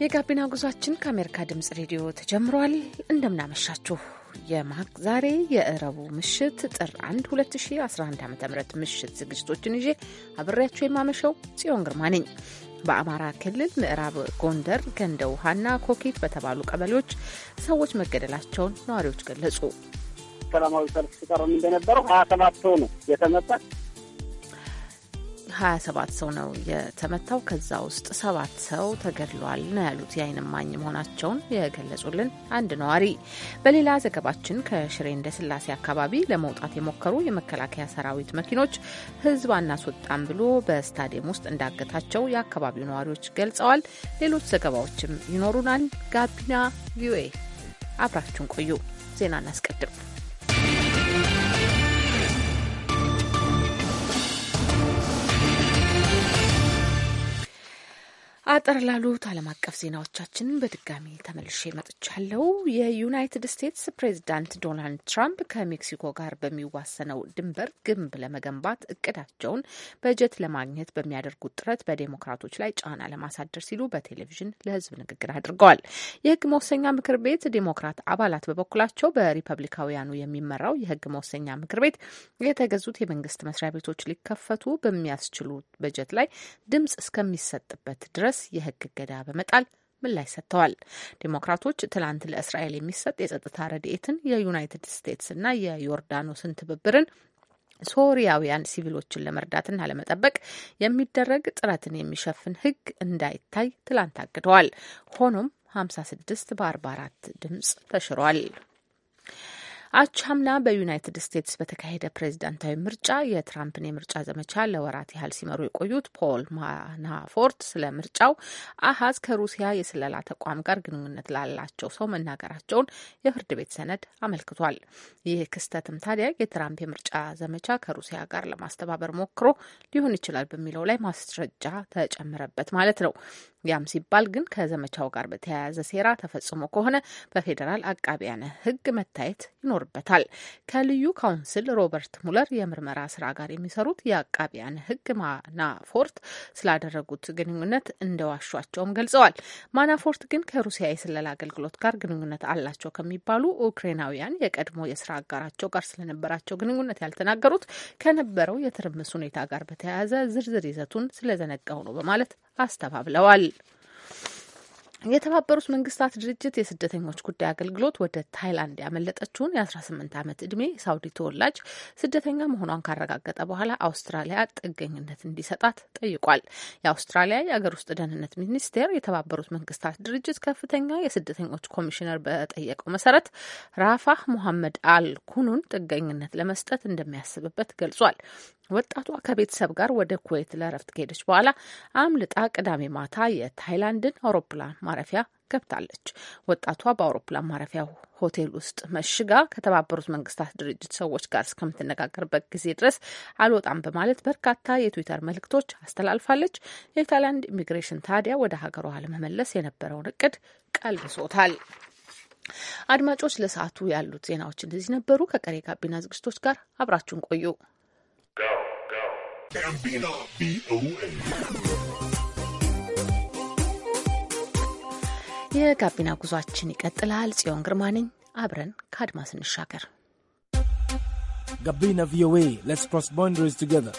የጋቢና ጉዟችን ከአሜሪካ ድምጽ ሬዲዮ ተጀምሯል። እንደምናመሻችሁ ዛሬ የእረቡ ምሽት ጥር 1 2011 ዓ ም ምሽት ዝግጅቶችን ይዤ አብሬያችሁ የማመሸው ጽዮን ግርማ ነኝ። በአማራ ክልል ምዕራብ ጎንደር ገንደ ውሃና ኮኬት በተባሉ ቀበሌዎች ሰዎች መገደላቸውን ነዋሪዎች ገለጹ። ሰላማዊ ሰልፍ ሲቀርም እንደነበረው ሀያ ሰባት ሰው ነው የተመጣ 27 ሰው ነው የተመታው። ከዛ ውስጥ ሰባት ሰው ተገድሏል ነው ያሉት የአይን እማኝ መሆናቸውን የገለጹልን አንድ ነዋሪ። በሌላ ዘገባችን ከሽሬ እንደ ስላሴ አካባቢ ለመውጣት የሞከሩ የመከላከያ ሰራዊት መኪኖች ህዝብ አናስወጣም ብሎ በስታዲየም ውስጥ እንዳገታቸው የአካባቢው ነዋሪዎች ገልጸዋል። ሌሎች ዘገባዎችም ይኖሩናል። ጋቢና ቪኦኤ አብራችሁን ቆዩ። ዜና እናስቀድም። አጠር ላሉት ዓለም አቀፍ ዜናዎቻችን በድጋሚ ተመልሼ መጥቻለሁ። የዩናይትድ ስቴትስ ፕሬዚዳንት ዶናልድ ትራምፕ ከሜክሲኮ ጋር በሚዋሰነው ድንበር ግንብ ለመገንባት እቅዳቸውን በጀት ለማግኘት በሚያደርጉት ጥረት በዴሞክራቶች ላይ ጫና ለማሳደር ሲሉ በቴሌቪዥን ለሕዝብ ንግግር አድርገዋል። የሕግ መወሰኛ ምክር ቤት ዴሞክራት አባላት በበኩላቸው በሪፐብሊካውያኑ የሚመራው የሕግ መወሰኛ ምክር ቤት የተገዙት የመንግስት መስሪያ ቤቶች ሊከፈቱ በሚያስችሉ በጀት ላይ ድምጽ እስከሚሰጥበት ድረስ የህግ እገዳ በመጣል ምላሽ ሰጥተዋል። ዴሞክራቶች ትላንት ለእስራኤል የሚሰጥ የጸጥታ ረድኤትን፣ የዩናይትድ ስቴትስ እና የዮርዳኖስን ትብብርን ሶሪያውያን ሲቪሎችን ለመርዳትና ለመጠበቅ የሚደረግ ጥረትን የሚሸፍን ህግ እንዳይታይ ትላንት አግደዋል። ሆኖም 56 በ44 ድምጽ ተሽሯል። አቻምና በዩናይትድ ስቴትስ በተካሄደ ፕሬዚዳንታዊ ምርጫ የትራምፕን የምርጫ ዘመቻ ለወራት ያህል ሲመሩ የቆዩት ፖል ማናፎርት ስለ ምርጫው አሀዝ ከሩሲያ የስለላ ተቋም ጋር ግንኙነት ላላቸው ሰው መናገራቸውን የፍርድ ቤት ሰነድ አመልክቷል። ይህ ክስተትም ታዲያ የትራምፕ የምርጫ ዘመቻ ከሩሲያ ጋር ለማስተባበር ሞክሮ ሊሆን ይችላል በሚለው ላይ ማስረጃ ተጨመረበት ማለት ነው። ያም ሲባል ግን ከዘመቻው ጋር በተያያዘ ሴራ ተፈጽሞ ከሆነ በፌዴራል አቃቢያነ ሕግ መታየት ይኖርበታል። ከልዩ ካውንስል ሮበርት ሙለር የምርመራ ስራ ጋር የሚሰሩት የአቃቢያነ ሕግ ማናፎርት ስላደረጉት ግንኙነት እንደዋሿቸውም ገልጸዋል። ማናፎርት ግን ከሩሲያ የስለላ አገልግሎት ጋር ግንኙነት አላቸው ከሚባሉ ኡክሬናውያን የቀድሞ የስራ አጋራቸው ጋር ስለነበራቸው ግንኙነት ያልተናገሩት ከነበረው የትርምስ ሁኔታ ጋር በተያያዘ ዝርዝር ይዘቱን ስለዘነጋው ነው በማለት አስተባብለዋል። የተባበሩት መንግስታት ድርጅት የስደተኞች ጉዳይ አገልግሎት ወደ ታይላንድ ያመለጠችውን የ18 ዓመት ዕድሜ ሳውዲ ተወላጅ ስደተኛ መሆኗን ካረጋገጠ በኋላ አውስትራሊያ ጥገኝነት እንዲሰጣት ጠይቋል። የአውስትራሊያ የአገር ውስጥ ደህንነት ሚኒስቴር የተባበሩት መንግስታት ድርጅት ከፍተኛ የስደተኞች ኮሚሽነር በጠየቀው መሰረት ራፋህ ሙሐመድ አል ኩኑን ጥገኝነት ለመስጠት እንደሚያስብበት ገልጿል። ወጣቷ ከቤተሰብ ጋር ወደ ኩዌት ለረፍት ከሄደች በኋላ አምልጣ ቅዳሜ ማታ የታይላንድን አውሮፕላን ማረፊያ ገብታለች። ወጣቷ በአውሮፕላን ማረፊያ ሆቴል ውስጥ መሽጋ ከተባበሩት መንግስታት ድርጅት ሰዎች ጋር እስከምትነጋገርበት ጊዜ ድረስ አልወጣም በማለት በርካታ የትዊተር መልእክቶች አስተላልፋለች። የታይላንድ ኢሚግሬሽን ታዲያ ወደ ሀገሯ ለመመለስ የነበረውን እቅድ ቀልብሶታል። አድማጮች፣ ለሰዓቱ ያሉት ዜናዎች እንደዚህ ነበሩ። ከቀሬ ጋቢና ዝግጅቶች ጋር አብራችሁን ቆዩ። ጋቢና ቪኦኤ የጋቢና ጉዟችን ይቀጥላል። ጽዮን ግርማ ነኝ። አብረን ከአድማስ እንሻገር። ጋቢና ቪኦኤ ሌትስ ክሮስ ቦንደሪስ ቱጌዘር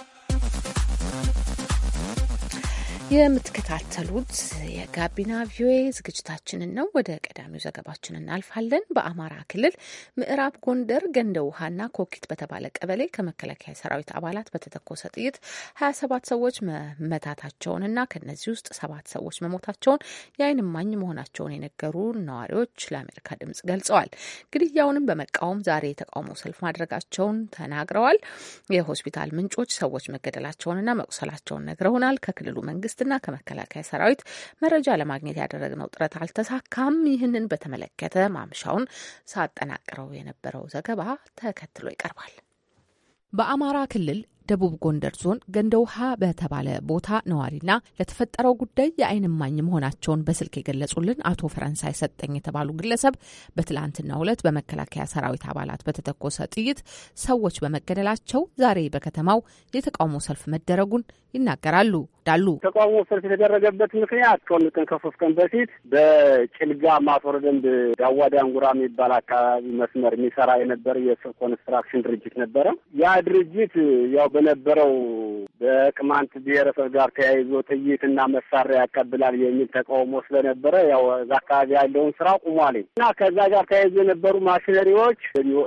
የምትከታተሉት የጋቢና ቪኦኤ ዝግጅታችንን ነው። ወደ ቀዳሚው ዘገባችን እናልፋለን። በአማራ ክልል ምዕራብ ጎንደር ገንደ ውሃና ኮኪት በተባለ ቀበሌ ከመከላከያ ሰራዊት አባላት በተተኮሰ ጥይት ሀያ ሰባት ሰዎች መመታታቸውንና ከነዚህ ውስጥ ሰባት ሰዎች መሞታቸውን የአይን እማኝ መሆናቸውን የነገሩ ነዋሪዎች ለአሜሪካ ድምጽ ገልጸዋል። ግድያውንም በመቃወም ዛሬ የተቃውሞ ሰልፍ ማድረጋቸውን ተናግረዋል። የሆስፒታል ምንጮች ሰዎች መገደላቸውንና መቁሰላቸውን ነግረውናል። ከክልሉ መንግስት መንግስትና ከመከላከያ ሰራዊት መረጃ ለማግኘት ያደረግነው ጥረት አልተሳካም። ይህንን በተመለከተ ማምሻውን ሳጠናቅረው የነበረው ዘገባ ተከትሎ ይቀርባል። በአማራ ክልል ደቡብ ጎንደር ዞን ገንደ ውሃ በተባለ ቦታ ነዋሪና ለተፈጠረው ጉዳይ የዓይን እማኝ መሆናቸውን በስልክ የገለጹልን አቶ ፈረንሳይ ሰጠኝ የተባሉ ግለሰብ በትላንትናው ዕለት በመከላከያ ሰራዊት አባላት በተተኮሰ ጥይት ሰዎች በመገደላቸው ዛሬ በከተማው የተቃውሞ ሰልፍ መደረጉን ይናገራሉ። ዳሉ ተቃውሞ ሰልፍ የተደረገበት ምክንያት ከሁለት ከሶስት ቀን በፊት በጭልጋ ማቶር ደንብ ዳዋ ዳንጉራ የሚባል አካባቢ መስመር የሚሰራ የነበረ የኮንስትራክሽን ድርጅት ነበረ። ያ ድርጅት ያው በነበረው በቅማንት ብሔረሰብ ጋር ተያይዞ ጥይትና መሳሪያ ያቀብላል የሚል ተቃውሞ ስለነበረ ያው እዛ አካባቢ ያለውን ስራ ቁሟል እና ከዛ ጋር ተያይዞ የነበሩ ማሽነሪዎች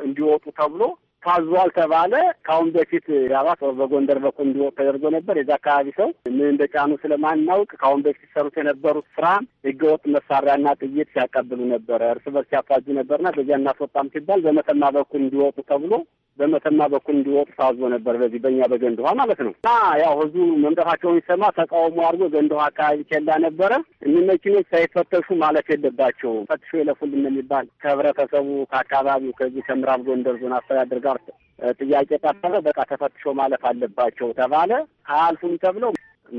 እንዲወጡ ተብሎ ታዟል ተባለ። ከአሁን በፊት ያባት በጎንደር በኩል እንዲወቅ ተደርጎ ነበር። የዛ አካባቢ ሰው ምን እንደጫኑ ስለማናውቅ ከአሁን በፊት ሰሩት የነበሩት ስራ ህገወጥ መሳሪያና ጥይት ሲያቀብሉ ነበረ፣ እርስ በርስ ሲያፋጁ ነበርና በዚያ እናስወጣም ሲባል በመተማ በኩል እንዲወጡ ተብሎ በመተማ በኩል እንዲወጡ ታዞ ነበር። በዚህ በእኛ በገንድኋ ማለት ነው እና ያው ህዝቡ መምጣታቸውን ሲሰማ ተቃውሞ አድርጎ ገንድኋ አካባቢ ኬላ ነበረ። እኒ መኪኖች ሳይፈተሹ ማለት የለባቸው ፈትሾ የለፉልን የሚባል ከህብረተሰቡ ከአካባቢው ከዚህ ከምዕራብ ጎንደር ዞን አስተዳደር ጋር ሪፖርት ጥያቄ ታሰበ በቃ ተፈትሾ ማለፍ አለባቸው ተባለ። አያልፉም ተብለው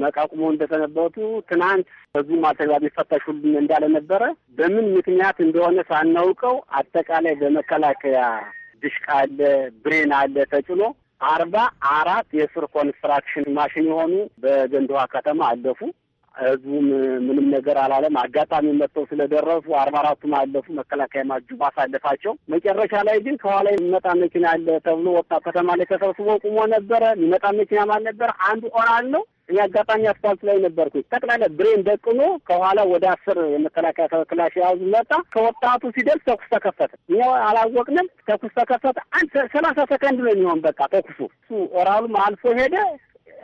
መቃቁሞ እንደሰነበቱ ትናንት በዚህም አልተግባቢ ፈተሹልን እንዳለ ነበረ። በምን ምክንያት እንደሆነ ሳናውቀው አጠቃላይ በመከላከያ ድሽቃ አለ፣ ብሬን አለ ተጭኖ አርባ አራት የስር ኮንስትራክሽን ማሽን የሆኑ በገንድዋ ከተማ አለፉ። ህዝቡም ምንም ነገር አላለም። አጋጣሚ መጥተው ስለደረሱ አርባ አራቱም አለፉ። መከላከያ ማጁ ማሳለፋቸው መጨረሻ ላይ ግን ከኋላ የሚመጣ መኪና አለ ተብሎ ወጣት ከተማ ላይ ተሰብስቦ ቁሞ ነበረ። የሚመጣ መኪና ማን ነበረ? አንዱ ኦራል ነው። እኔ አጋጣሚ አስፋልት ላይ ነበርኩ። ጠቅላላ ብሬን ደቅኖ ከኋላ ወደ አስር የመከላከያ ክላሽ የያዙ መጣ። ከወጣቱ ሲደርስ ተኩስ ተከፈተ። እኛ አላወቅንም። ተኩስ ተከፈተ። አንድ ሰላሳ ሰከንድ ነው የሚሆን በቃ ተኩሱ። እሱ ኦራሉም አልፎ ሄደ።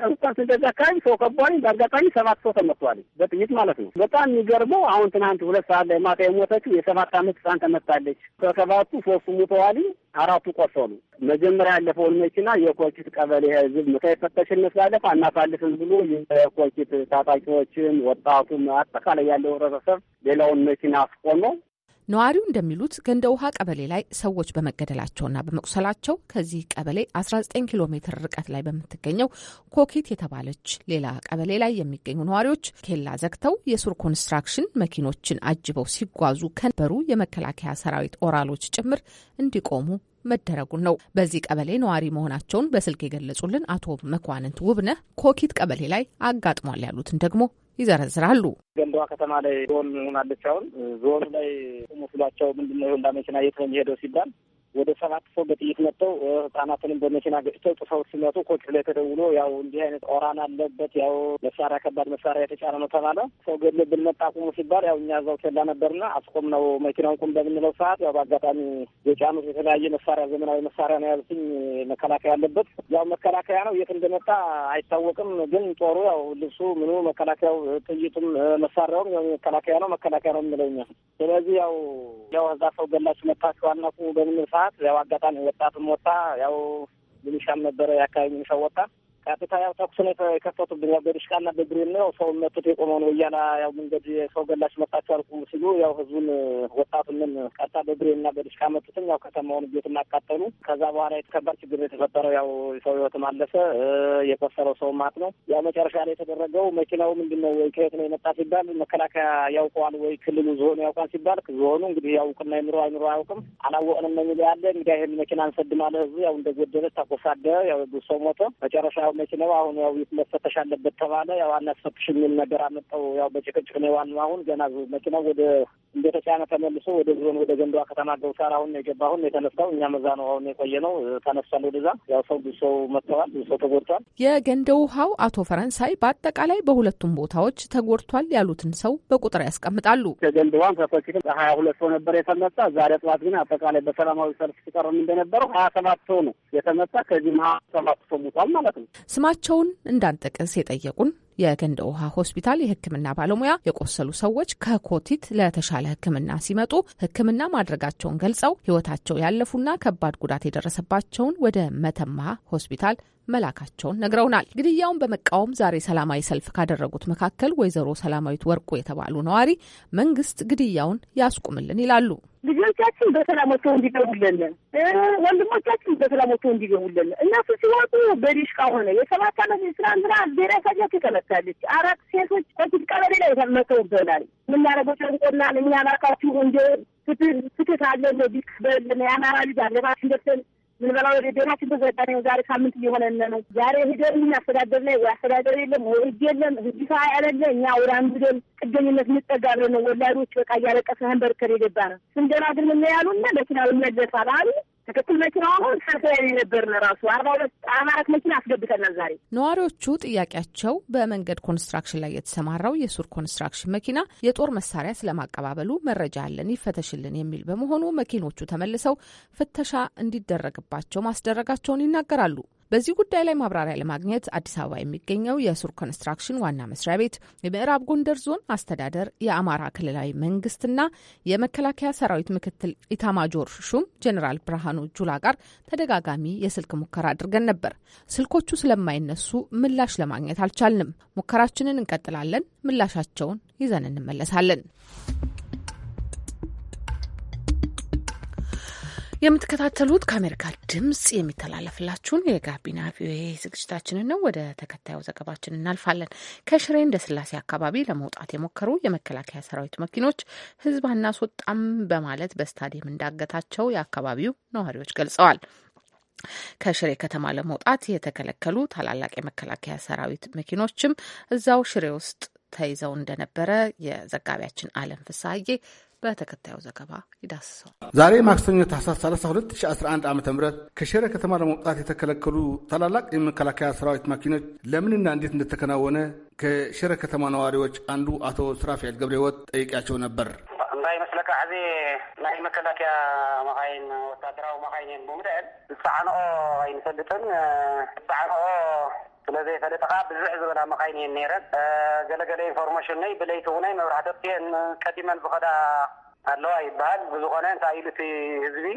እንኳን ስንደዛ አካባቢ ሰው ከቧል። በአጋጣሚ ሰባት ሰው ተመቷል፣ በጥይት ማለት ነው። በጣም የሚገርመው አሁን ትናንት ሁለት ሰዓት ላይ ማታ የሞተችው የሰባት አመት ህፃን ተመታለች። ከሰባቱ ሶስቱ ሙተዋል፣ አራቱ ቆሰሉ። መጀመሪያ ያለፈውን መኪና የኮልኪት ቀበሌ ህዝብ ሳይፈተሽን ስላለፈ አናሳልፍም ብሎ የኮልኪት ታጣቂዎችን፣ ወጣቱም አጠቃላይ ያለው ህብረተሰብ ሌላውን መኪና አስቆመው ነዋሪው እንደሚሉት ገንደ ውሃ ቀበሌ ላይ ሰዎች በመገደላቸውና በመቁሰላቸው ከዚህ ቀበሌ 19 ኪሎ ሜትር ርቀት ላይ በምትገኘው ኮኬት የተባለች ሌላ ቀበሌ ላይ የሚገኙ ነዋሪዎች ኬላ ዘግተው የሱር ኮንስትራክሽን መኪኖችን አጅበው ሲጓዙ ከነበሩ የመከላከያ ሰራዊት ኦራሎች ጭምር እንዲቆሙ መደረጉን ነው። በዚህ ቀበሌ ነዋሪ መሆናቸውን በስልክ የገለጹልን አቶ መኳንንት ውብነህ ኮኪት ቀበሌ ላይ አጋጥሟል ያሉትን ደግሞ ይዘረዝራሉ። ገንዳዋ ከተማ ላይ ዞን ሆናለች። አሁን ዞኑ ላይ ቁሙ ስሏቸው ምንድነው የሆንዳ መኪና የት ነው የሚሄደው ሲባል ወደ ሰባት ሰው በጥይት መጥተው ህጻናትንም በመኪና ገጭተው ጥፈው ሲመጡ ኮች ላይ ተደውሎ ያው እንዲህ አይነት ኦራን አለበት ያው መሳሪያ ከባድ መሳሪያ የተጫነ ነው ተባለ። ሰው ገድሎብን መጣ ቁሞ ሲባል ያው እኛ እዛው ኬላ ነበርና አስቆም ነው መኪናውን ቁም በምንለው ሰዓት ያው በአጋጣሚ የጫኑት የተለያየ መሳሪያ ዘመናዊ መሳሪያ ነው ያሉትኝ መከላከያ አለበት። ያው መከላከያ ነው የት እንደመጣ አይታወቅም። ግን ጦሩ ያው ልብሱ ምኑ መከላከያው ጥይቱም መሳሪያውም ያው መከላከያ ነው መከላከያ ነው የምንለው እኛ። ስለዚህ ያው ያው እዛ ሰው ገላችሁ መታችኋል አናቁ በምንል ሰዓት ሰዓት ያው አጋጣሚ ወጣትም ወጣ፣ ያው ሚሊሻም ነበረ የአካባቢ ሚሊሻ ወጣ። ቀጥታ ያው ተኩስ ነው የከፈቱብኝ። ያው በድሽቃና በብሬን ነው ሰው መቱት። የቆመው ነው እያላ ያው መንገድ የሰው ገላች መጣችሁ አልቁሙ ሲሉ ያው ህዝቡን ወጣቱንን ቀጥታ በብሬንና በድሽቃ መቱትም። ያው ከተማውን ቤት እናቃጠሉ። ከዛ በኋላ የተከባድ ችግር የተፈጠረው ያው ሰው ህይወት ማለፈ የቆሰረው ሰው ማት ነው። ያው መጨረሻ ላይ የተደረገው መኪናው ምንድን ነው ወይ ከየት ነው የመጣ ሲባል መከላከያ ያውቀዋል ወይ ክልሉ ዞኑ ያውቃል ሲባል ዞኑ እንግዲህ ያው እውቅና ይኑሮ አይኑሮ አያውቅም አላወቅንም የሚል ያለ እንግዲህ ይህን መኪና አንሰድም ህዝቡ። ያው እንደጎደለ ታኮሳደ ያው ሰው ሞተ። መጨረሻ ያው መኪናው አሁን ያው መፈተሽ አለበት ተባለ። ያው አናስፈትሽ የሚል ነገር አመጣው። ያው በጭቅጭቅ ነው ዋናው። አሁን ገና መኪናው ወደ እንደተጫነ ተመልሶ ወደ ዞን ወደ ገንዷ ከተማ ገብቷል። አሁን የገባ አሁን የተነሳው እኛ መዛ ነው አሁን የቆየ ነው። ተነሳል ወደዛ። ያው ሰው ብዙ ሰው መጥተዋል፣ ብዙ ሰው ተጎድቷል። የገንደ ውሃው አቶ ፈረንሳይ በአጠቃላይ በሁለቱም ቦታዎች ተጎድቷል ያሉትን ሰው በቁጥር ያስቀምጣሉ። ከገንደ ውሃም ከፈሲል ሀያ ሁለት ሰው ነበር የተመጣ። ዛሬ ጠዋት ግን አጠቃላይ በሰላማዊ ሰልፍ ሲቀርም እንደነበረው ሀያ ሰባት ሰው ነው የተመጣ። ከዚህ ሀያ ሰባት ሰው ሙቷል ማለት ነው። ስማቸውን እንዳንጠቅስ የጠየቁን የገንደ ውሃ ሆስፒታል የሕክምና ባለሙያ የቆሰሉ ሰዎች ከኮቲት ለተሻለ ሕክምና ሲመጡ ሕክምና ማድረጋቸውን ገልጸው ሕይወታቸው ያለፉና ከባድ ጉዳት የደረሰባቸውን ወደ መተማ ሆስፒታል መላካቸውን ነግረውናል። ግድያውን በመቃወም ዛሬ ሰላማዊ ሰልፍ ካደረጉት መካከል ወይዘሮ ሰላማዊት ወርቁ የተባሉ ነዋሪ መንግስት ግድያውን ያስቁምልን ይላሉ። ልጆቻችን በሰላም ወጥተው እንዲገቡልን፣ ወንድሞቻችን በሰላም ወጥተው እንዲገቡልን። እነሱ ሲወጡ በዲሽቃ ሆነ የሰባት ዓመት ስራ ምራ ብሔራዊ ሳጃት ተመታለች። አራት ሴቶች ከፊት ቀበሌ ላይ መተውብናል። የምናደርገው ጨንቆናል። እኛ እባካችሁ እንደ ፍትህ አለ ካለ እንደዚህ የአማራ ልጅ አለባችን ደርሰን ምንበላው ዴናችን ተዘጋነ ዛሬ ሳምንት እየሆነነ ነው። ዛሬ ሂደን ምን አስተዳደር ላይ ወይ አስተዳደር የለም ወይ ህግ የለም። ህግ ሰ ያለለ እኛ ወደ አንዱ ደን ጥገኝነት እንጠጋ ነው ወላዶች በቃ እያለቀስን በርከር የገባ ነው ስንደናግር ምና ያሉና መኪና ብመለሳል አሉ ትክክል መኪናው አሁን ሰልፍ ላይ ራሱ አርባ ሁለት አራት መኪና አስገብተናል ዛሬ። ነዋሪዎቹ ጥያቄያቸው በመንገድ ኮንስትራክሽን ላይ የተሰማራው የሱር ኮንስትራክሽን መኪና የጦር መሳሪያ ስለማቀባበሉ መረጃ አለን ይፈተሽልን የሚል በመሆኑ መኪኖቹ ተመልሰው ፍተሻ እንዲደረግባቸው ማስደረጋቸውን ይናገራሉ። በዚህ ጉዳይ ላይ ማብራሪያ ለማግኘት አዲስ አበባ የሚገኘው የሱር ኮንስትራክሽን ዋና መስሪያ ቤት፣ የምዕራብ ጎንደር ዞን አስተዳደር፣ የአማራ ክልላዊ መንግስትና የመከላከያ ሰራዊት ምክትል ኢታማጆር ሹም ጀኔራል ብርሃኑ ጁላ ጋር ተደጋጋሚ የስልክ ሙከራ አድርገን ነበር። ስልኮቹ ስለማይነሱ ምላሽ ለማግኘት አልቻልንም። ሙከራችንን እንቀጥላለን። ምላሻቸውን ይዘን እንመለሳለን። የምትከታተሉት ከአሜሪካ ድምጽ የሚተላለፍላችሁን የጋቢና ቪኦኤ ዝግጅታችንን ነው። ወደ ተከታዩ ዘገባችን እናልፋለን። ከሽሬ እንደ ስላሴ አካባቢ ለመውጣት የሞከሩ የመከላከያ ሰራዊት መኪኖች ህዝብ አናስወጣም በማለት በስታዲየም እንዳገታቸው የአካባቢው ነዋሪዎች ገልጸዋል። ከሽሬ ከተማ ለመውጣት የተከለከሉ ታላላቅ የመከላከያ ሰራዊት መኪኖችም እዛው ሽሬ ውስጥ ተይዘው እንደነበረ የዘጋቢያችን አለም ፍሳዬ በተከታዩ ዘገባ ይዳስሰው። ዛሬ ማክሰኞ ታህሳስ 32 2011 ዓ ም ከሽረ ከተማ ለመውጣት የተከለከሉ ታላላቅ የመከላከያ ሰራዊት ማኪኖች ለምንና እንዴት እንደተከናወነ ከሽረ ከተማ ነዋሪዎች አንዱ አቶ ስራፊያል ገብረ ህይወት ጠይቂያቸው ነበር። እንታይ መስለካ ሕዚ ናይ መከላከያ መካይን ወታደራዊ መካይን እየን ብምድዕል ዝፀዓንኦ ኣይንፈልጥን ዝፀዓንኦ ስለዘይፈለጥካ ብዙሕ ዝበላ መካይን እየን ነይረን ገለገለ ኢንፎርሜሽን ነይ ብለይቲ እውነይ መብራህቲ ጥየን ቀዲመን ዝኸዳ ኣለዋ ይበሃል ብዝኾነ እንታይ ኢሉ እቲ ህዝቢ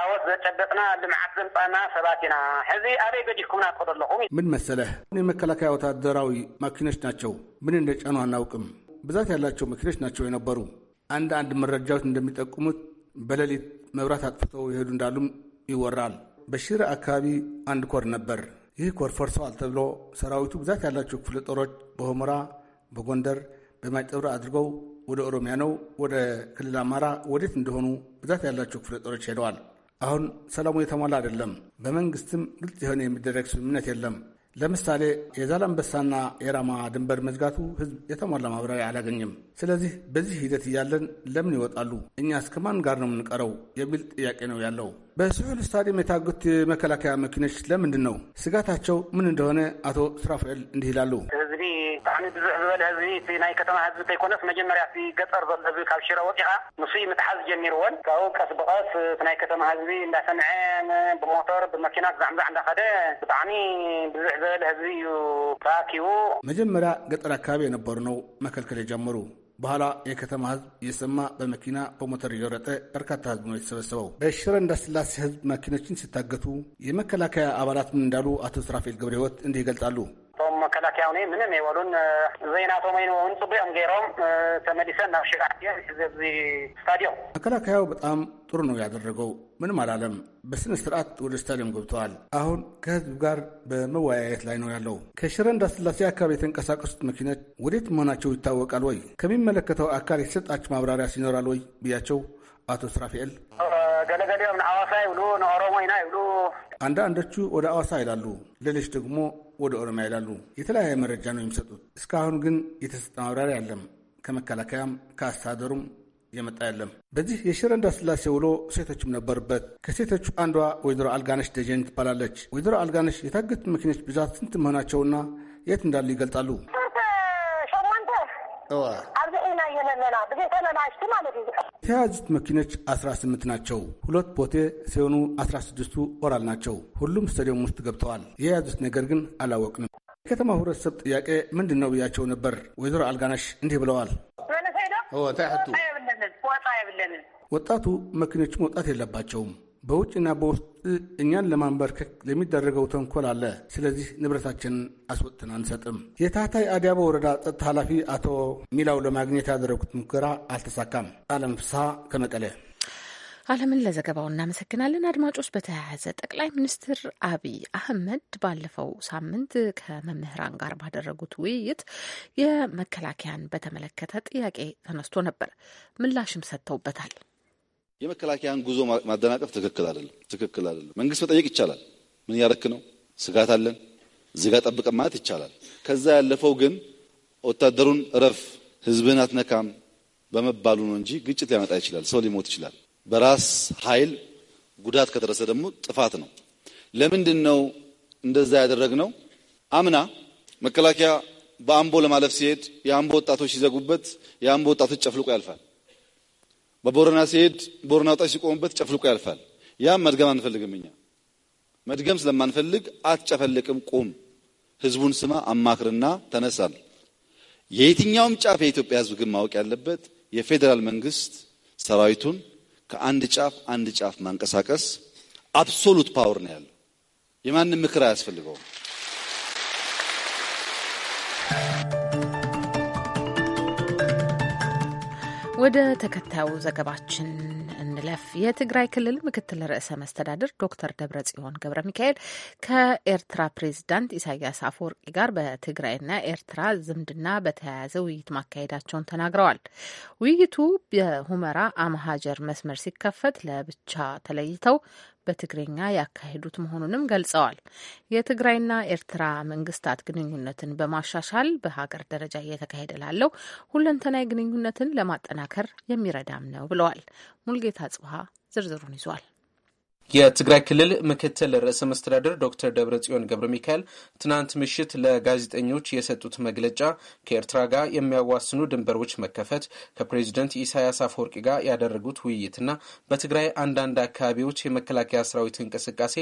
ዓወት ዘጨበጥና ልምዓት ዘምፃና ሰባት ኢና ሕዚ ኣበይ በዲሽኩምና ትኸዶ ኣለኹም ምን መሰለህ ንመከላከያ ወታደራዊ ማኪኖች ናቸው ምን እንደጫኑ ኣናውቅም ብዛት ያላቸው መኪኖች ናቸው የነበሩ አንድ አንድ መረጃዎች እንደሚጠቁሙት በሌሊት መብራት አጥፍተው ይሄዱ እንዳሉም ይወራል። በሽረ አካባቢ አንድ ኮር ነበር። ይህ ኮር ተብሎ ሰራዊቱ ብዛት ያላቸው ክፍለ ጦሮች በሆሞራ፣ በጎንደር፣ በማይጠብር አድርገው ወደ ኦሮሚያ ነው ወደ ክልል አማራ ወዴት እንደሆኑ ብዛት ያላቸው ክፍለ ጦሮች ሄደዋል። አሁን ሰላሙ የተሟላ አይደለም። በመንግስትም ግልጽ የሆነ የሚደረግ ስምምነት የለም። ለምሳሌ የዛላምበሳና የራማ ድንበር መዝጋቱ ህዝብ የተሟላ ማብራሪያ አላገኝም። ስለዚህ በዚህ ሂደት እያለን ለምን ይወጣሉ? እኛ እስከ ማን ጋር ነው የምንቀረው? የሚል ጥያቄ ነው ያለው። በስሑል ስታዲየም የታጉት የመከላከያ መኪኖች ለምንድን ነው? ስጋታቸው ምን እንደሆነ አቶ ስራፋኤል እንዲህ ይላሉ። ብጣዕሚ ብዙሕ ዝበለ ህዝቢ እቲ ናይ ከተማ ህዝቢ እንተይኮነስ መጀመርያ እቲ ገጠር ዘሎ ህዝቢ ካብ ሽረ ወፂኻ ንሱ ምትሓዝ ጀሚርዎን ካብኡ ቀስ ብቐስ እቲ ናይ ከተማ ህዝቢ እንዳሰምዐ ብሞተር ብመኪና ዛዕምዛዕ እንዳኸደ ብጣዕሚ ብዙሕ ዝበለ ህዝቢ እዩ ተኣኪቡ መጀመርያ ገጠር አካባቢ የነበሩ ነው መከልከል የጀመሩ በኋላ የከተማ ህዝብ እየሰማ በመኪና በሞተር እየወረጠ በርካታ ህዝብ ነው የተሰበሰበው። በሽረ እንዳስላሴ ህዝብ መኪኖችን ሲታገቱ የመከላከያ ምን እንዳሉ አቶ ስራፌል ገብረ ህይወት እንዲህ ይገልጻሉ። መከላከያ ሁኔ ምንም የበሉን ዜና ተመይኖ ጽቡዖም ገይሮም ተመሊሰን ናብ ሽቃዓት ስታዲዮም መከላከያው በጣም ጥሩ ነው ያደረገው። ምንም አላለም። በስነ ስርዓት ወደ ስታዲየም ገብተዋል። አሁን ከህዝብ ጋር በመወያየት ላይ ነው ያለው። ከሽረ እንዳስላሴ አካባቢ የተንቀሳቀሱት መኪኖች ወዴት መሆናቸው ይታወቃል ወይ? ከሚመለከተው አካል የተሰጣቸው ማብራሪያ ሲኖራል ወይ ብያቸው አቶ ስራፊኤል ገለገሌኦም ንአዋሳ ይብሉ ንኦሮሞ ይና ይብሉ፣ አንዳንዶቹ ወደ አዋሳ ይላሉ፣ ሌሎች ደግሞ ወደ ኦሮሚያ ይላሉ። የተለያየ መረጃ ነው የሚሰጡት። እስካሁን ግን የተሰጠ ማብራሪያ የለም። ከመከላከያም ከአስተዳደሩም የመጣ የለም። በዚህ የሽረ እንዳስላሴ ውሎ ሴቶችም ነበሩበት። ከሴቶቹ አንዷ ወይዘሮ አልጋነሽ ደጀን ትባላለች። ወይዘሮ አልጋነሽ የታገቱ መኪኖች ብዛት ስንት መሆናቸውና የት እንዳሉ ይገልጻሉ። የለለና ማለት መኪኖች አስራ ስምንት ናቸው። ሁለት ቦቴ ሲሆኑ አስራ ስድስቱ ኦራል ናቸው። ሁሉም ስታዲየም ውስጥ ገብተዋል። የያዙት ነገር ግን አላወቅንም። የከተማ ህብረተሰብ ጥያቄ ምንድን ነው ብያቸው ነበር። ወይዘሮ አልጋናሽ እንዲህ ብለዋል። ወጣቱ መኪኖች መውጣት የለባቸውም በውጭና በውስጥ እኛን ለማንበርከክ ለሚደረገው ተንኮል አለ። ስለዚህ ንብረታችንን አስወጥተን አንሰጥም። የታህታይ አዲያቦ ወረዳ ጸጥታ ኃላፊ አቶ ሚላው ለማግኘት ያደረጉት ሙከራ አልተሳካም። አለም ፍስሐ ከመቀለ። አለምን ለዘገባው እናመሰግናለን። አድማጮች፣ በተያያዘ ጠቅላይ ሚኒስትር አቢይ አህመድ ባለፈው ሳምንት ከመምህራን ጋር ባደረጉት ውይይት የመከላከያን በተመለከተ ጥያቄ ተነስቶ ነበር። ምላሽም ሰጥተውበታል። የመከላከያን ጉዞ ማደናቀፍ ትክክል አይደለም፣ ትክክል አይደለም። መንግስት መጠየቅ ይቻላል። ምን ያረክ ነው? ስጋት አለን፣ ዝጋ ጠብቀን ማለት ይቻላል። ከዛ ያለፈው ግን ወታደሩን እረፍ፣ ህዝብን አትነካም በመባሉ ነው እንጂ ግጭት ሊያመጣ ይችላል። ሰው ሊሞት ይችላል። በራስ ኃይል ጉዳት ከደረሰ ደግሞ ጥፋት ነው። ለምንድን ነው እንደዛ ያደረግነው? አምና መከላከያ በአምቦ ለማለፍ ሲሄድ የአምቦ ወጣቶች ሲዘጉበት፣ የአምቦ ወጣቶች ጨፍልቆ ያልፋል። በቦረና ሲሄድ ቦረና ወጣት ሲቆሙበት ጨፍልቆ ያልፋል። ያም መድገም አንፈልግም። እኛ መድገም ስለማንፈልግ አትጨፈልቅም፣ ቁም፣ ህዝቡን ስማ፣ አማክርና ተነሳል። የየትኛውም ጫፍ የኢትዮጵያ ህዝብ ግን ማወቅ ያለበት የፌዴራል መንግስት ሰራዊቱን ከአንድ ጫፍ አንድ ጫፍ ማንቀሳቀስ አብሶሉት ፓወር ነው ያለው። የማንም ምክር አያስፈልገውም። ወደ ተከታዩ ዘገባችን እንለፍ። የትግራይ ክልል ምክትል ርዕሰ መስተዳድር ዶክተር ደብረ ጽዮን ገብረ ሚካኤል ከኤርትራ ፕሬዚዳንት ኢሳያስ አፈወርቂ ጋር በትግራይና ኤርትራ ዝምድና በተያያዘ ውይይት ማካሄዳቸውን ተናግረዋል። ውይይቱ በሁመራ አምሃጀር መስመር ሲከፈት ለብቻ ተለይተው በትግረኛ ያካሄዱት መሆኑንም ገልጸዋል። የትግራይና ኤርትራ መንግስታት ግንኙነትን በማሻሻል በሀገር ደረጃ እየተካሄደ ላለው ሁለንተናዊ ግንኙነትን ለማጠናከር የሚረዳም ነው ብለዋል። ሙልጌታ ጽብሀ ዝርዝሩን ይዟል። የትግራይ ክልል ምክትል ርዕሰ መስተዳደር ዶክተር ደብረ ጽዮን ገብረ ሚካኤል ትናንት ምሽት ለጋዜጠኞች የሰጡት መግለጫ ከኤርትራ ጋር የሚያዋስኑ ድንበሮች መከፈት፣ ከፕሬዚደንት ኢሳያስ አፈወርቂ ጋር ያደረጉት ውይይትና በትግራይ አንዳንድ አካባቢዎች የመከላከያ ሰራዊት እንቅስቃሴ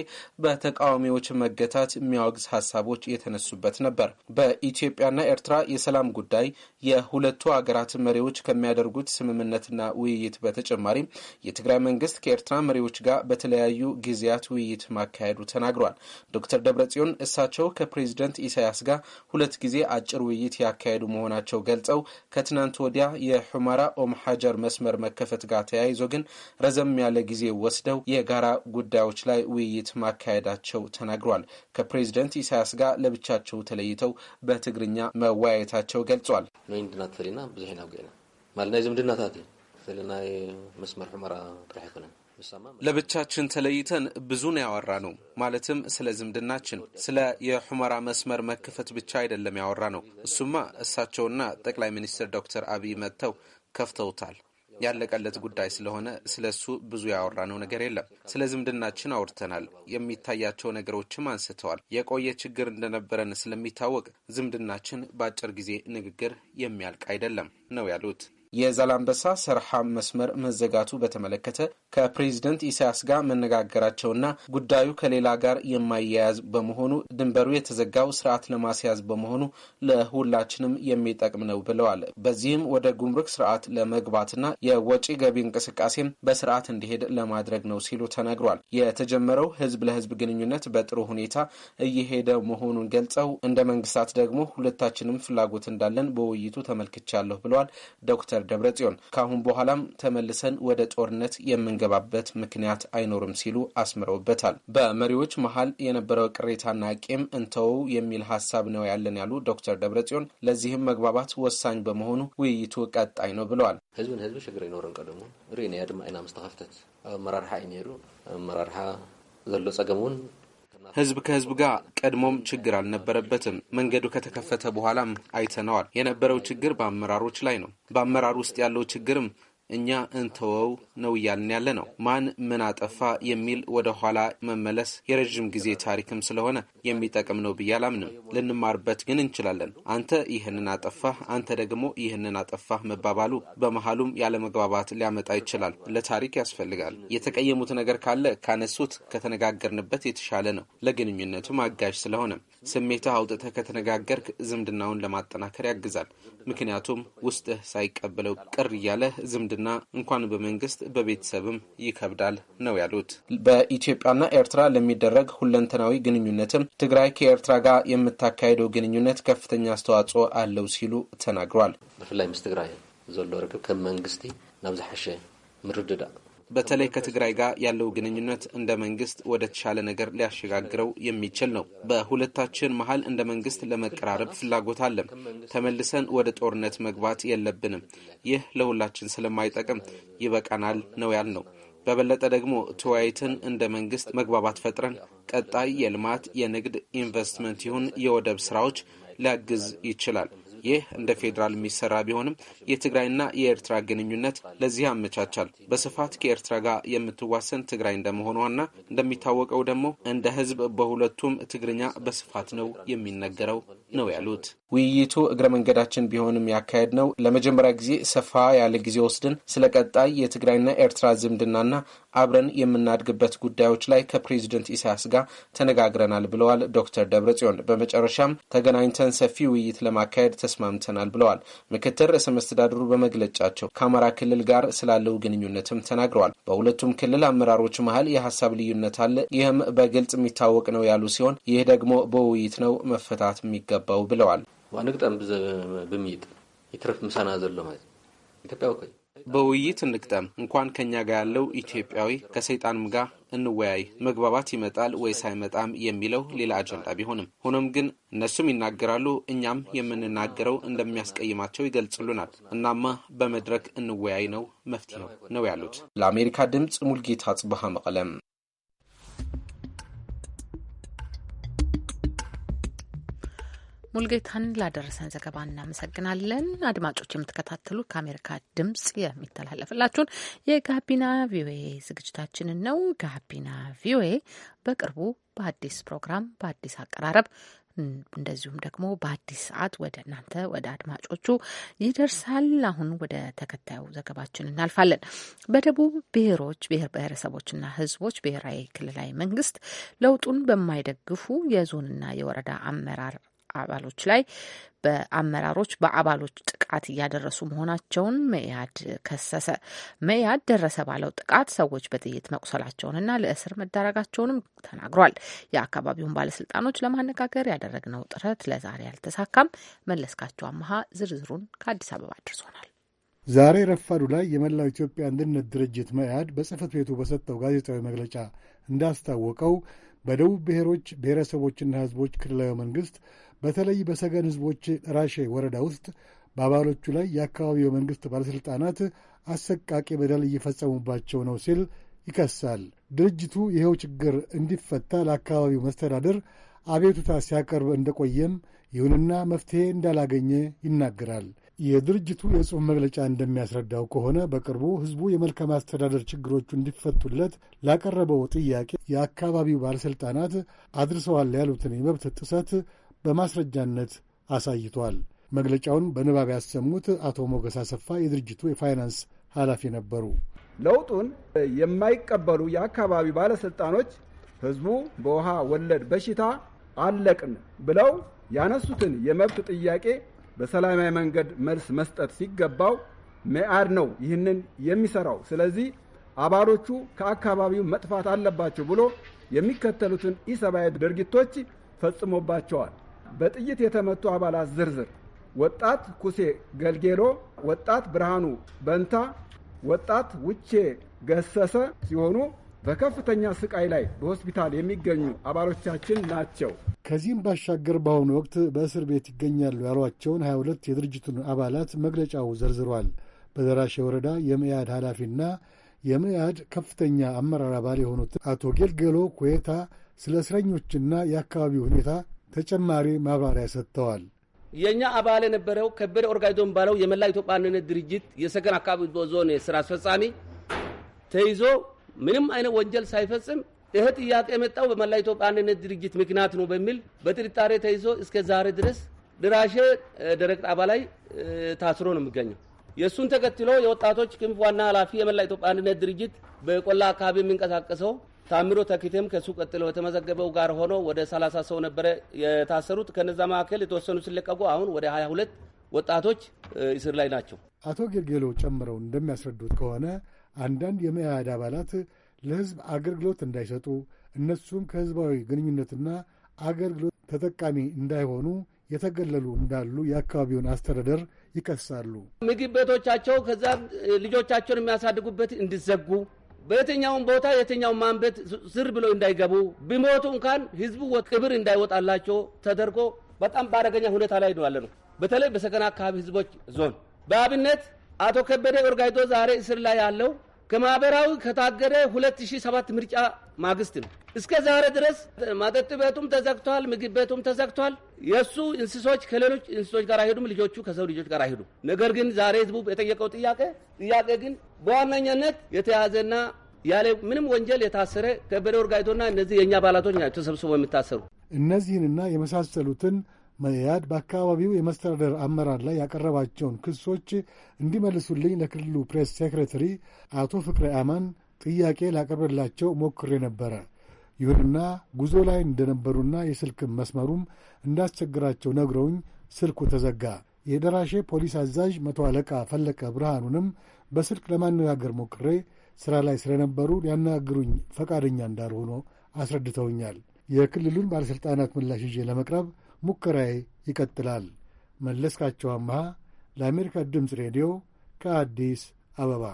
በተቃዋሚዎች መገታት የሚያወግዝ ሀሳቦች የተነሱበት ነበር። በኢትዮጵያና ኤርትራ የሰላም ጉዳይ የሁለቱ ሀገራት መሪዎች ከሚያደርጉት ስምምነትና ውይይት በተጨማሪም የትግራይ መንግስት ከኤርትራ መሪዎች ጋር በተለያዩ በተለያዩ ጊዜያት ውይይት ማካሄዱ ተናግሯል። ዶክተር ደብረጽዮን እሳቸው ከፕሬዚደንት ኢሳያስ ጋር ሁለት ጊዜ አጭር ውይይት ያካሄዱ መሆናቸው ገልጸው ከትናንት ወዲያ የሑመራ ኦም መስመር መከፈት ጋር ተያይዞ ግን ረዘም ያለ ጊዜ ወስደው የጋራ ጉዳዮች ላይ ውይይት ማካሄዳቸው ተናግሯል። ከፕሬዚደንት ኢሳያስ ጋር ለብቻቸው ተለይተው በትግርኛ መወያየታቸው ገልጿል። ናይ ዝምድናታት መስመር ሕመራ ጥራሕ ለብቻችን ተለይተን ብዙን ያወራ ነው። ማለትም ስለ ዝምድናችን፣ ስለ የሑመራ መስመር መከፈት ብቻ አይደለም ያወራ ነው። እሱማ እሳቸውና ጠቅላይ ሚኒስትር ዶክተር አብይ መጥተው ከፍተውታል። ያለቀለት ጉዳይ ስለሆነ ስለ እሱ ብዙ ያወራ ነው ነገር የለም። ስለ ዝምድናችን አውርተናል። የሚታያቸው ነገሮችም አንስተዋል። የቆየ ችግር እንደነበረን ስለሚታወቅ ዝምድናችን በአጭር ጊዜ ንግግር የሚያልቅ አይደለም ነው ያሉት። የዛላምበሳ ሰርሃ መስመር መዘጋቱ በተመለከተ ከፕሬዚደንት ኢሳያስ ጋር መነጋገራቸውና ጉዳዩ ከሌላ ጋር የማያያዝ በመሆኑ ድንበሩ የተዘጋው ስርዓት ለማስያዝ በመሆኑ ለሁላችንም የሚጠቅም ነው ብለዋል። በዚህም ወደ ጉምሩክ ስርዓት ለመግባትና የወጪ ገቢ እንቅስቃሴም በስርዓት እንዲሄድ ለማድረግ ነው ሲሉ ተነግሯል። የተጀመረው ህዝብ ለህዝብ ግንኙነት በጥሩ ሁኔታ እየሄደ መሆኑን ገልጸው እንደ መንግስታት ደግሞ ሁለታችንም ፍላጎት እንዳለን በውይይቱ ተመልክቻለሁ ብለዋል ዶክተር ዶክተር ጽዮን ከአሁን በኋላም ተመልሰን ወደ ጦርነት የምንገባበት ምክንያት አይኖርም ሲሉ አስምረውበታል። በመሪዎች መሀል የነበረው ቅሬታና ቂም እንተው የሚል ሀሳብ ነው ያለን ያሉ ዶክተር ጽዮን ለዚህም መግባባት ወሳኝ በመሆኑ ውይይቱ ቀጣይ ነው ብለዋል። ህዝብን ህዝብ ችግር ይኖረን ቀደሞ ርእይና ድማ ኢና ምስተኸፍተት ኣመራርሓ እዩ ነይሩ ዘሎ ጸገም እውን ህዝብ ከህዝብ ጋር ቀድሞም ችግር አልነበረበትም። መንገዱ ከተከፈተ በኋላም አይተነዋል። የነበረው ችግር በአመራሮች ላይ ነው። በአመራር ውስጥ ያለው ችግርም እኛ እንተወው ነው እያልን ያለ ነው። ማን ምን አጠፋ የሚል ወደ ኋላ መመለስ የረዥም ጊዜ ታሪክም ስለሆነ የሚጠቅም ነው ብዬ አላምንም። ልንማርበት ግን እንችላለን። አንተ ይህንን አጠፋህ፣ አንተ ደግሞ ይህንን አጠፋህ መባባሉ በመሀሉም ያለመግባባት ሊያመጣ ይችላል። ለታሪክ ያስፈልጋል። የተቀየሙት ነገር ካለ ካነሱት ከተነጋገርንበት የተሻለ ነው። ለግንኙነቱም አጋዥ ስለሆነ ስሜትህ አውጥተህ ከተነጋገርክ ዝምድናውን ለማጠናከር ያግዛል። ምክንያቱም ውስጥህ ሳይቀበለው ቅር እያለህ ዝምድ ውንብድና እንኳን በመንግስት በቤተሰብም ይከብዳል ነው ያሉት። በኢትዮጵያና ኤርትራ ለሚደረግ ሁለንተናዊ ግንኙነትም ትግራይ ከኤርትራ ጋር የምታካሄደው ግንኙነት ከፍተኛ አስተዋጽኦ አለው ሲሉ ተናግሯል። ብፍላይ ምስ ትግራይ ዘሎ ርክብ ከም መንግስቲ ናብ ዝሓሸ ምርድዳእ በተለይ ከትግራይ ጋር ያለው ግንኙነት እንደ መንግስት ወደ ተሻለ ነገር ሊያሸጋግረው የሚችል ነው። በሁለታችን መሀል እንደ መንግስት ለመቀራረብ ፍላጎት አለም። ተመልሰን ወደ ጦርነት መግባት የለብንም። ይህ ለሁላችን ስለማይጠቅም ይበቃናል ነው ነው። በበለጠ ደግሞ ተወያይተን እንደ መንግስት መግባባት ፈጥረን ቀጣይ የልማት የንግድ ኢንቨስትመንት ይሁን የወደብ ስራዎች ሊያግዝ ይችላል። ይህ እንደ ፌዴራል የሚሰራ ቢሆንም የትግራይና የኤርትራ ግንኙነት ለዚህ አመቻቻል። በስፋት ከኤርትራ ጋር የምትዋሰን ትግራይ እንደመሆኗና እንደሚታወቀው ደግሞ እንደ ህዝብ በሁለቱም ትግርኛ በስፋት ነው የሚነገረው ነው ያሉት። ውይይቱ እግረ መንገዳችን ቢሆንም ያካሄድ ነው ለመጀመሪያ ጊዜ ሰፋ ያለ ጊዜ ወስድን ስለ ቀጣይ የትግራይና ኤርትራ ዝምድናና አብረን የምናድግበት ጉዳዮች ላይ ከፕሬዚደንት ኢሳያስ ጋር ተነጋግረናል ብለዋል ዶክተር ደብረጽዮን። በመጨረሻም ተገናኝተን ሰፊ ውይይት ለማካሄድ ተስማምተናል ብለዋል። ምክትል ርዕሰ መስተዳድሩ በመግለጫቸው ከአማራ ክልል ጋር ስላለው ግንኙነትም ተናግረዋል። በሁለቱም ክልል አመራሮች መሀል የሀሳብ ልዩነት አለ። ይህም በግልጽ የሚታወቅ ነው ያሉ ሲሆን ይህ ደግሞ በውይይት ነው መፈታት የሚገባ ይገባው ብለዋል። በውይይት እንቅጠም። እንኳን ከእኛ ጋር ያለው ኢትዮጵያዊ ከሰይጣንም ጋር እንወያይ። መግባባት ይመጣል ወይስ አይመጣም የሚለው ሌላ አጀንዳ ቢሆንም፣ ሆኖም ግን እነሱም ይናገራሉ፣ እኛም የምንናገረው እንደሚያስቀይማቸው ይገልጽሉናል። እናማ በመድረክ እንወያይ ነው መፍትሄው ነው ያሉት። ለአሜሪካ ድምፅ ሙልጌታ ጽብሃ መቀለም ሙልጌታን ላደረሰን ዘገባ እናመሰግናለን። አድማጮች የምትከታተሉት ከአሜሪካ ድምጽ የሚተላለፍላችሁን የጋቢና ቪኦኤ ዝግጅታችንን ነው። ጋቢና ቪኦኤ በቅርቡ በአዲስ ፕሮግራም በአዲስ አቀራረብ እንደዚሁም ደግሞ በአዲስ ሰዓት ወደ እናንተ ወደ አድማጮቹ ይደርሳል። አሁን ወደ ተከታዩ ዘገባችን እናልፋለን። በደቡብ ብሔሮች ብሔር ብሔረሰቦችና ሕዝቦች ብሔራዊ ክልላዊ መንግስት ለውጡን በማይደግፉ የዞንና የወረዳ አመራር አባሎች ላይ በአመራሮች በአባሎች ጥቃት እያደረሱ መሆናቸውን መያድ ከሰሰ። መያድ ደረሰ ባለው ጥቃት ሰዎች በጥይት መቁሰላቸውንና ለእስር መዳረጋቸውንም ተናግሯል። የአካባቢውን ባለስልጣኖች ለማነጋገር ያደረግነው ጥረት ለዛሬ አልተሳካም። መለስካቸው አመሀ ዝርዝሩን ከአዲስ አበባ አድርሶናል። ዛሬ ረፋዱ ላይ የመላው ኢትዮጵያ አንድነት ድርጅት መያድ በጽህፈት ቤቱ በሰጠው ጋዜጣዊ መግለጫ እንዳስታወቀው በደቡብ ብሔሮች ብሔረሰቦችና ህዝቦች ክልላዊ መንግስት በተለይ በሰገን ህዝቦች ራሼ ወረዳ ውስጥ በአባሎቹ ላይ የአካባቢው መንግሥት ባለሥልጣናት አሰቃቂ በደል እየፈጸሙባቸው ነው ሲል ይከሳል። ድርጅቱ ይኸው ችግር እንዲፈታ ለአካባቢው መስተዳድር አቤቱታ ሲያቀርብ እንደቆየም ይሁንና መፍትሔ እንዳላገኘ ይናገራል። የድርጅቱ የጽሑፍ መግለጫ እንደሚያስረዳው ከሆነ በቅርቡ ሕዝቡ የመልካም አስተዳደር ችግሮቹ እንዲፈቱለት ላቀረበው ጥያቄ የአካባቢው ባለሥልጣናት አድርሰዋል ያሉትን የመብት ጥሰት በማስረጃነት አሳይቷል። መግለጫውን በንባብ ያሰሙት አቶ ሞገስ አሰፋ የድርጅቱ የፋይናንስ ኃላፊ ነበሩ። ለውጡን የማይቀበሉ የአካባቢ ባለሥልጣኖች ህዝቡ በውሃ ወለድ በሽታ አለቅን ብለው ያነሱትን የመብት ጥያቄ በሰላማዊ መንገድ መልስ መስጠት ሲገባው መኢአድ ነው ይህንን የሚሰራው። ስለዚህ አባሎቹ ከአካባቢው መጥፋት አለባቸው ብሎ የሚከተሉትን ኢሰብአዊ ድርጊቶች ፈጽሞባቸዋል። በጥይት የተመቱ አባላት ዝርዝር ወጣት ኩሴ ገልጌሎ፣ ወጣት ብርሃኑ በንታ፣ ወጣት ውቼ ገሰሰ ሲሆኑ በከፍተኛ ስቃይ ላይ በሆስፒታል የሚገኙ አባሎቻችን ናቸው። ከዚህም ባሻገር በአሁኑ ወቅት በእስር ቤት ይገኛሉ ያሏቸውን 22 የድርጅቱን አባላት መግለጫው ዘርዝሯል። በደራሼ ወረዳ የመኢአድ ኃላፊና የምያድ ከፍተኛ አመራር አባል የሆኑት አቶ ጌልጌሎ ኩዌታ ስለ እስረኞችና የአካባቢው ሁኔታ ተጨማሪ ማብራሪያ ሰጥተዋል። የእኛ አባል የነበረው ከበደ ኦርጋይዶ ባለው የመላ ኢትዮጵያ አንድነት ድርጅት የሰገን አካባቢ ዞን የስራ አስፈጻሚ ተይዞ ምንም አይነት ወንጀል ሳይፈጽም ይህ ጥያቄ የመጣው በመላ ኢትዮጵያ አንድነት ድርጅት ምክንያት ነው በሚል በጥርጣሬ ተይዞ እስከ ዛሬ ድረስ ድራሼ ደረቅ ጣባ ላይ ታስሮ ነው የሚገኘው። የእሱን ተከትሎ የወጣቶች ክንፍ ዋና ኃላፊ የመላ ኢትዮጵያ አንድነት ድርጅት በቆላ አካባቢ የሚንቀሳቀሰው ታምሮ ተኪቴም ከሱ ቀጥሎ ተመዘገበው ጋር ሆኖ ወደ 30 ሰው ነበረ የታሰሩት። ከነዛ መካከል የተወሰኑ ሲለቀቁ አሁን ወደ 22 ወጣቶች እስር ላይ ናቸው። አቶ ጌርጌሎ ጨምረው እንደሚያስረዱት ከሆነ አንዳንድ የመያድ አባላት ለህዝብ አገልግሎት እንዳይሰጡ እነሱም ከህዝባዊ ግንኙነትና አገልግሎት ተጠቃሚ እንዳይሆኑ የተገለሉ እንዳሉ የአካባቢውን አስተዳደር ይከሳሉ። ምግብ ቤቶቻቸው ከዛ ልጆቻቸውን የሚያሳድጉበት እንዲዘጉ በየትኛውም ቦታ የትኛውም ማንበት ስር ብለው እንዳይገቡ ቢሞቱ እንኳን ህዝቡ ቅብር እንዳይወጣላቸው ተደርጎ በጣም በአደገኛ ሁኔታ ላይ ነው ነው። በተለይ በሰገና አካባቢ ህዝቦች ዞን በአብነት አቶ ከበደ ኦርጋይዶ ዛሬ እስር ላይ ያለው ከማህበራዊ ከታገደ 2007 ምርጫ ማግስት ነው። እስከ ዛሬ ድረስ መጠጥ ቤቱም ተዘግቷል፣ ምግብ ቤቱም ተዘግቷል። የእሱ እንስሶች ከሌሎች እንስሶች ጋር አይሄዱም፣ ልጆቹ ከሰው ልጆች ጋር አይሄዱም። ነገር ግን ዛሬ ህዝቡ የጠየቀው ጥያቄ ጥያቄ ግን በዋነኛነት የተያዘና ያለ ምንም ወንጀል የታሰረ ከበደ ወርጋይቶና እነዚህ የእኛ አባላቶች ተሰብስቦ የሚታሰሩ እነዚህንና የመሳሰሉትን መያድ በአካባቢው የመስተዳደር አመራር ላይ ያቀረባቸውን ክሶች እንዲመልሱልኝ ለክልሉ ፕሬስ ሴክሬተሪ አቶ ፍቅረ አማን ጥያቄ ላቀርብላቸው ሞክሬ ነበረ። ይሁንና ጉዞ ላይ እንደነበሩና የስልክ መስመሩም እንዳስቸግራቸው ነግረውኝ ስልኩ ተዘጋ። የደራሼ ፖሊስ አዛዥ መቶ አለቃ ፈለቀ ብርሃኑንም በስልክ ለማነጋገር ሞክሬ ሥራ ላይ ስለነበሩ ሊያነጋግሩኝ ፈቃደኛ እንዳልሆኖ አስረድተውኛል። የክልሉን ባለሥልጣናት ምላሽ ይዤ ለመቅረብ ሙከራዬ ይቀጥላል። መለስካቸው አምሃ ለአሜሪካ ድምፅ ሬዲዮ ከአዲስ አበባ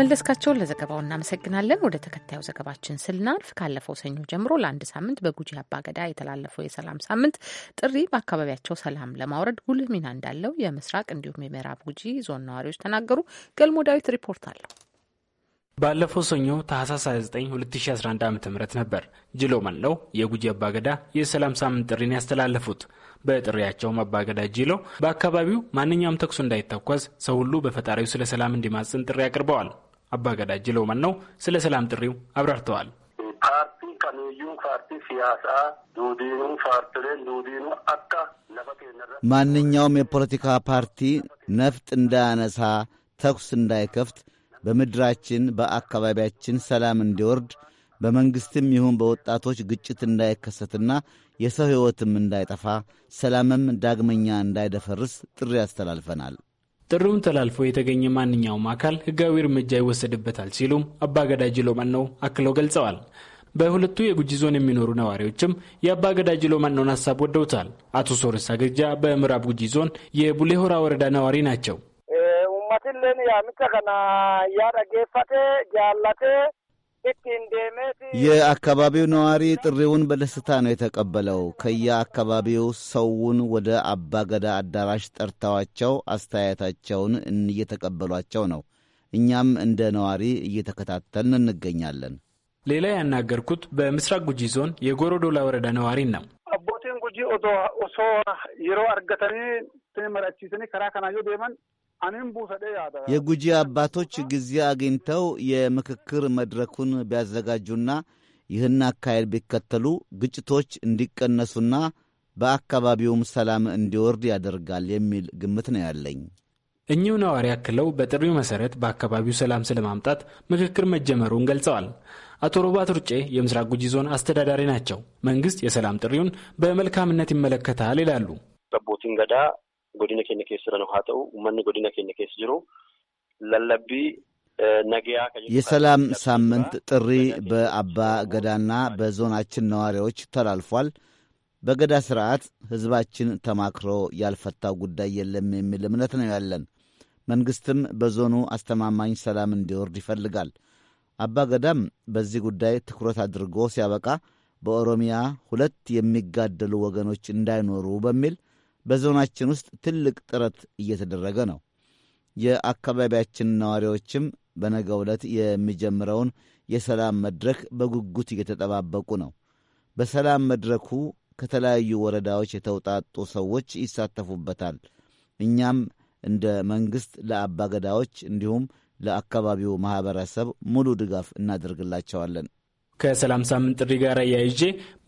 መለስካቸውን ለዘገባው እናመሰግናለን። ወደ ተከታዩ ዘገባችን ስናልፍ ካለፈው ሰኞ ጀምሮ ለአንድ ሳምንት በጉጂ አባገዳ የተላለፈው የሰላም ሳምንት ጥሪ በአካባቢያቸው ሰላም ለማውረድ ጉልህ ሚና እንዳለው የምስራቅ እንዲሁም የምዕራብ ጉጂ ዞን ነዋሪዎች ተናገሩ። ገልሞ ዳዊት ሪፖርት አለው። ባለፈው ሰኞ ታህሳስ 29 2011 ዓ ም ነበር ጅሎ መለው የጉጂ አባገዳ የሰላም ሳምንት ጥሪን ያስተላለፉት። በጥሪያቸውም አባገዳ ጅሎ በአካባቢው ማንኛውም ተኩስ እንዳይተኮስ ሰው ሁሉ በፈጣሪው ስለ ሰላም እንዲማጽን ጥሪ አቅርበዋል። አባገዳ ጅሎ መነው ስለ ሰላም ጥሪው አብራርተዋል። ማንኛውም የፖለቲካ ፓርቲ ነፍጥ እንዳያነሳ፣ ተኩስ እንዳይከፍት በምድራችን በአካባቢያችን ሰላም እንዲወርድ በመንግሥትም ይሁን በወጣቶች ግጭት እንዳይከሰትና የሰው ሕይወትም እንዳይጠፋ ሰላምም ዳግመኛ እንዳይደፈርስ ጥሪ አስተላልፈናል። ጥሪውን ተላልፎ የተገኘ ማንኛውም አካል ሕጋዊ እርምጃ ይወሰድበታል ሲሉም አባገዳ ጅሎማነው አክለው ገልጸዋል። በሁለቱ የጉጂ ዞን የሚኖሩ ነዋሪዎችም የአባገዳ ጅሎማነውን ሀሳብ ወደውታል። አቶ ሶርሳ ግርጃ በምዕራብ ጉጂ ዞን የቡሌሆራ ወረዳ ነዋሪ ናቸው። የአካባቢው ነዋሪ ጥሪውን በደስታ ነው የተቀበለው። ከየአካባቢው ሰውን ወደ አባገዳ አዳራሽ ጠርተዋቸው አስተያየታቸውን እየተቀበሏቸው ነው። እኛም እንደ ነዋሪ እየተከታተልን እንገኛለን። ሌላ ያናገርኩት በምስራቅ ጉጂ ዞን የጎሮዶላ ወረዳ ነዋሪን ነው። አቦቴን ጉጂ ኦሶ የሮ አርገተኒ መረቺስኒ ከራ ከናዮ ደመን የጉጂ አባቶች ጊዜ አግኝተው የምክክር መድረኩን ቢያዘጋጁና ይህን አካሄድ ቢከተሉ ግጭቶች እንዲቀነሱና በአካባቢውም ሰላም እንዲወርድ ያደርጋል የሚል ግምት ነው ያለኝ። እኚሁ ነዋሪ ያክለው በጥሪው መሰረት በአካባቢው ሰላም ስለማምጣት ምክክር መጀመሩን ገልጸዋል። አቶ ሮባት ሩጬ የምስራቅ ጉጂ ዞን አስተዳዳሪ ናቸው። መንግስት የሰላም ጥሪውን በመልካምነት ይመለከታል ይላሉ። godina keenya keessa jiran haa ta'u uummanni godina keenya keessa jiru lallabbii eh, የሰላም ሳምንት ጥሪ በአባ ገዳና በዞናችን ነዋሪዎች ተላልፏል። በገዳ ስርዓት ሕዝባችን ተማክሮ ያልፈታው ጉዳይ የለም የሚል እምነት ነው ያለን። መንግሥትም በዞኑ አስተማማኝ ሰላም እንዲወርድ ይፈልጋል። አባ ገዳም በዚህ ጉዳይ ትኩረት አድርጎ ሲያበቃ በኦሮሚያ ሁለት የሚጋደሉ ወገኖች እንዳይኖሩ በሚል በዞናችን ውስጥ ትልቅ ጥረት እየተደረገ ነው። የአካባቢያችን ነዋሪዎችም በነገ ዕለት የሚጀምረውን የሰላም መድረክ በጉጉት እየተጠባበቁ ነው። በሰላም መድረኩ ከተለያዩ ወረዳዎች የተውጣጡ ሰዎች ይሳተፉበታል። እኛም እንደ መንግሥት ለአባገዳዎች እንዲሁም ለአካባቢው ማኅበረሰብ ሙሉ ድጋፍ እናደርግላቸዋለን። ከሰላም ሳምንት ጥሪ ጋር አያይዤ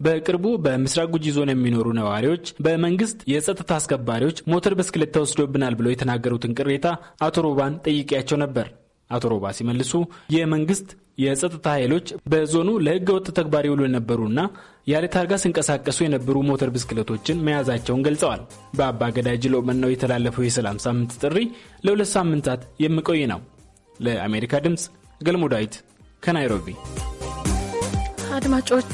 በቅርቡ በምስራቅ ጉጂ ዞን የሚኖሩ ነዋሪዎች በመንግስት የጸጥታ አስከባሪዎች ሞተር ብስክሌት ተወስዶብናል ብለው የተናገሩትን ቅሬታ አቶ ሮባን ጠይቄያቸው ነበር። አቶ ሮባ ሲመልሱ የመንግስት የጸጥታ ኃይሎች በዞኑ ለህገ ወጥ ተግባር ይውሉ የነበሩና ያለ ታርጋ ሲንቀሳቀሱ የነበሩ ሞተር ብስክሌቶችን መያዛቸውን ገልጸዋል። በአባ ገዳጅ ሎመናው የተላለፈው የሰላም ሳምንት ጥሪ ለሁለት ሳምንታት የሚቆይ ነው። ለአሜሪካ ድምፅ ገልሞ ዳዊት ከናይሮቢ አድማጮች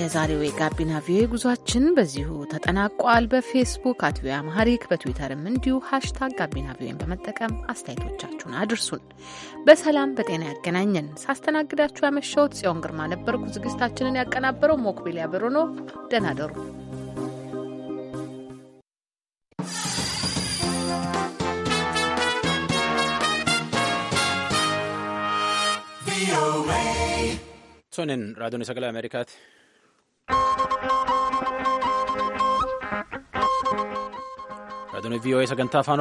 የዛሬው የጋቢና ቪዮ ጉዟችን በዚሁ ተጠናቋል። በፌስቡክ አት ቪኦኤ አማሪክ በትዊተርም እንዲሁ ሀሽታግ ጋቢና ቪዮን በመጠቀም አስተያየቶቻችሁን አድርሱን። በሰላም በጤና ያገናኘን። ሳስተናግዳችሁ ያመሻውት ጽዮን ግርማ ነበርኩ። ዝግጅታችንን ያቀናበረው ሞክቢል ያበሮ ነው። ደህና ደሩ። Toniin raadiyoon sagalee Ameerikaati. Raadiyoon e sagantaa afaan